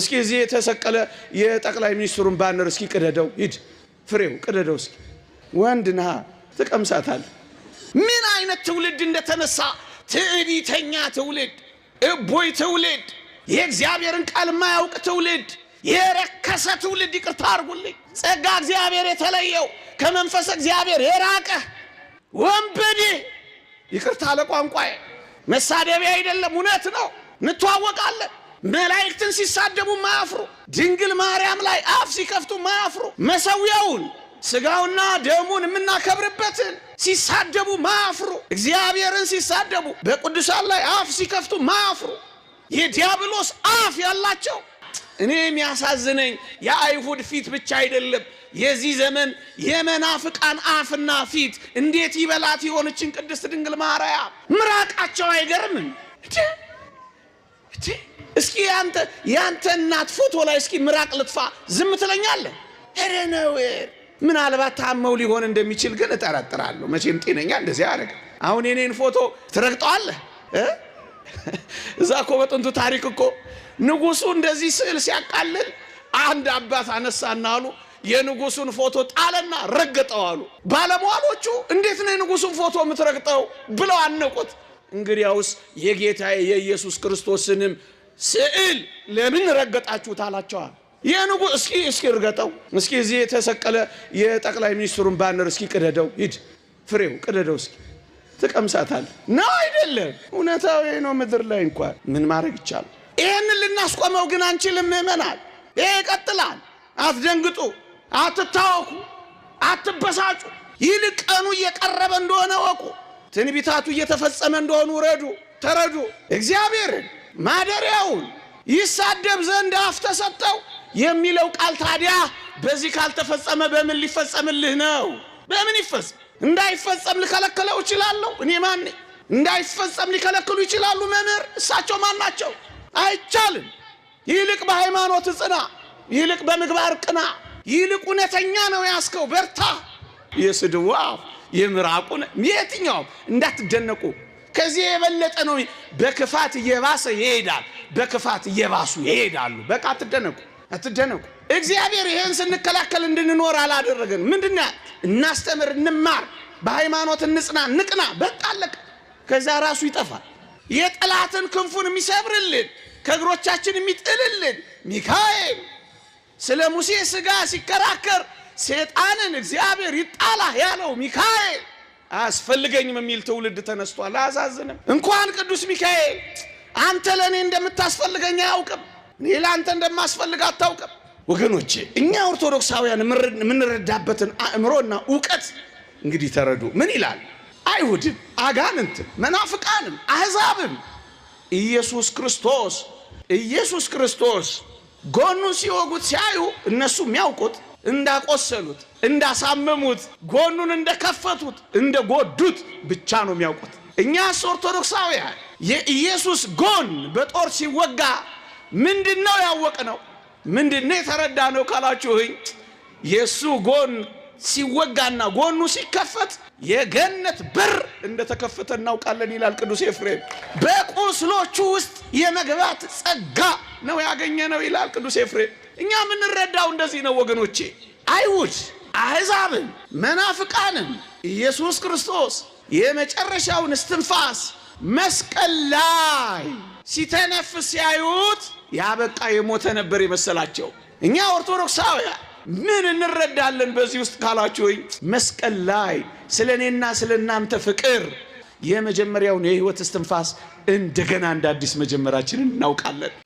እስኪ እዚህ የተሰቀለ የጠቅላይ ሚኒስትሩን ባነር እስኪ ቅደደው፣ ሂድ ፍሬው ቅደደው እስኪ ወንድ ነሃ ትቀምሳታል። ምን አይነት ትውልድ እንደተነሳ ትዕቢተኛ ትውልድ፣ እቦይ ትውልድ፣ የእግዚአብሔርን ቃል ማያውቅ ትውልድ፣ የረከሰ ትውልድ። ይቅርታ አርጉልኝ። ጸጋ እግዚአብሔር የተለየው ከመንፈስ እግዚአብሔር የራቀ ወንበዴ። ይቅርታ ለቋንቋዬ መሳደቢያ አይደለም፣ እውነት ነው። እንተዋወቃለን መላእክትን ሲሳደቡ ማያፍሩ፣ ድንግል ማርያም ላይ አፍ ሲከፍቱ ማያፍሩ፣ መሰዊያውን ስጋውና ደሙን የምናከብርበትን ሲሳደቡ ማያፍሩ፣ እግዚአብሔርን ሲሳደቡ በቅዱሳን ላይ አፍ ሲከፍቱ ማያፍሩ፣ የዲያብሎስ አፍ ያላቸው እኔ የሚያሳዝነኝ የአይሁድ ፊት ብቻ አይደለም። የዚህ ዘመን የመናፍቃን አፍና ፊት እንዴት ይበላት ይሆንችን ቅድስት ድንግል ማርያም ምራቃቸው አይገርምም? እስኪ ያንተ እናት ፎቶ ላይ እስኪ ምራቅ ልጥፋ ዝም ትለኛለህ? ኧረ ነው። ምናልባት ታመው ሊሆን እንደሚችል ግን እጠረጥራለሁ። መቼም ጤነኛ እንደዚህ አያደርግ። አሁን የኔን ፎቶ ትረግጠዋለህ? እዛ እኮ በጥንቱ ታሪክ እኮ ንጉሱ እንደዚህ ስዕል ሲያቃልል አንድ አባት አነሳና አሉ የንጉሱን ፎቶ ጣለና ረገጠው አሉ። ባለሟሎቹ እንዴት ነው የንጉሱን ፎቶ የምትረግጠው ብለው አነቁት። እንግዲያውስ የጌታ የኢየሱስ ክርስቶስንም ስዕል ለምን ረገጣችሁት አላቸዋል። የንጉ እስኪ እስኪ እርገጠው እስኪ እዚህ የተሰቀለ የጠቅላይ ሚኒስትሩን ባነር እስኪ ቅደደው፣ ሂድ ፍሬው ቅደደው እስኪ ትቀምሳታል። ነው አይደለም? እውነታዊ ነው። ምድር ላይ እንኳን ምን ማድረግ ይቻላል? ይህንን ልናስቆመው ግን አንችልም። ምእመናን፣ ይሄ ይቀጥላል። አትደንግጡ፣ አትታወኩ፣ አትበሳጩ። ይልቅ ቀኑ እየቀረበ እንደሆነ ወቁ። ትንቢታቱ እየተፈጸመ እንደሆኑ ረዱ፣ ተረዱ እግዚአብሔርን ማደሪያውን ይሳደብ ዘንድ አፍ ተሰጠው የሚለው ቃል ታዲያ በዚህ ካልተፈጸመ በምን ሊፈጸምልህ ነው? በምን ይፈጸም? እንዳይፈጸም ልከለክለው እችላለሁ? እኔ ማን እንዳይፈጸም ሊከለክሉ ይችላሉ? መምህር እሳቸው ማን ናቸው? አይቻልም። ይልቅ በሃይማኖት ጽና፣ ይልቅ በምግባር ቅና፣ ይልቅ እውነተኛ ነው ያስከው በርታ። የስድዋ የምራቁ የትኛውም እንዳትደነቁ ከዚህ የበለጠ ነው። በክፋት እየባሰ ይሄዳል። በክፋት እየባሱ ይሄዳሉ። በቃ አትደነቁ፣ አትደነቁ። እግዚአብሔር ይህን ስንከላከል እንድንኖር አላደረገን። ምንድን እናስተምር፣ እንማር፣ በሃይማኖት እንጽና፣ ንቅና። በቃ አለቀ። ከዛ ራሱ ይጠፋል። የጠላትን ክንፉን የሚሰብርልን ከእግሮቻችን የሚጥልልን ሚካኤል ስለ ሙሴ ሥጋ ሲከራከር ሴጣንን እግዚአብሔር ይጣላ ያለው ሚካኤል አያስፈልገኝም የሚል ትውልድ ተነስቷል። አያሳዝንም? እንኳን ቅዱስ ሚካኤል አንተ ለእኔ እንደምታስፈልገኝ አያውቅም፣ እኔ ለአንተ እንደማስፈልግ አታውቅም። ወገኖቼ እኛ ኦርቶዶክሳውያን የምንረዳበትን አእምሮና እውቀት እንግዲህ ተረዱ። ምን ይላል? አይሁድም፣ አጋንንትም፣ መናፍቃንም፣ አሕዛብም ኢየሱስ ክርስቶስ ኢየሱስ ክርስቶስ ጎኑን ሲወጉት ሲያዩ እነሱ የሚያውቁት እንዳቆሰሉት፣ እንዳሳመሙት፣ ጎኑን እንደከፈቱት፣ እንደጎዱት ብቻ ነው የሚያውቁት። እኛስ ኦርቶዶክሳውያን የኢየሱስ ጎን በጦር ሲወጋ ምንድን ነው ያወቅ ነው ምንድን ነው የተረዳ ነው ካላችሁኝ የእሱ ጎን ሲወጋና ጎኑ ሲከፈት የገነት በር እንደተከፈተ እናውቃለን ይላል ቅዱስ ኤፍሬም። በቁስሎቹ ውስጥ የመግባት ጸጋ ነው ያገኘ ነው ይላል ቅዱስ ኤፍሬም። እኛ የምንረዳው እንደዚህ ነው ወገኖቼ። አይሁድ አሕዛብን፣ መናፍቃንን ኢየሱስ ክርስቶስ የመጨረሻውን እስትንፋስ መስቀል ላይ ሲተነፍስ ሲያዩት ያበቃ የሞተ ነበር የመሰላቸው። እኛ ኦርቶዶክሳውያን ምን እንረዳለን በዚህ ውስጥ ካላችሁኝ፣ መስቀል ላይ ስለ እኔና ስለ እናንተ ፍቅር የመጀመሪያውን የህይወት እስትንፋስ እንደገና እንደ አዲስ መጀመራችንን እናውቃለን።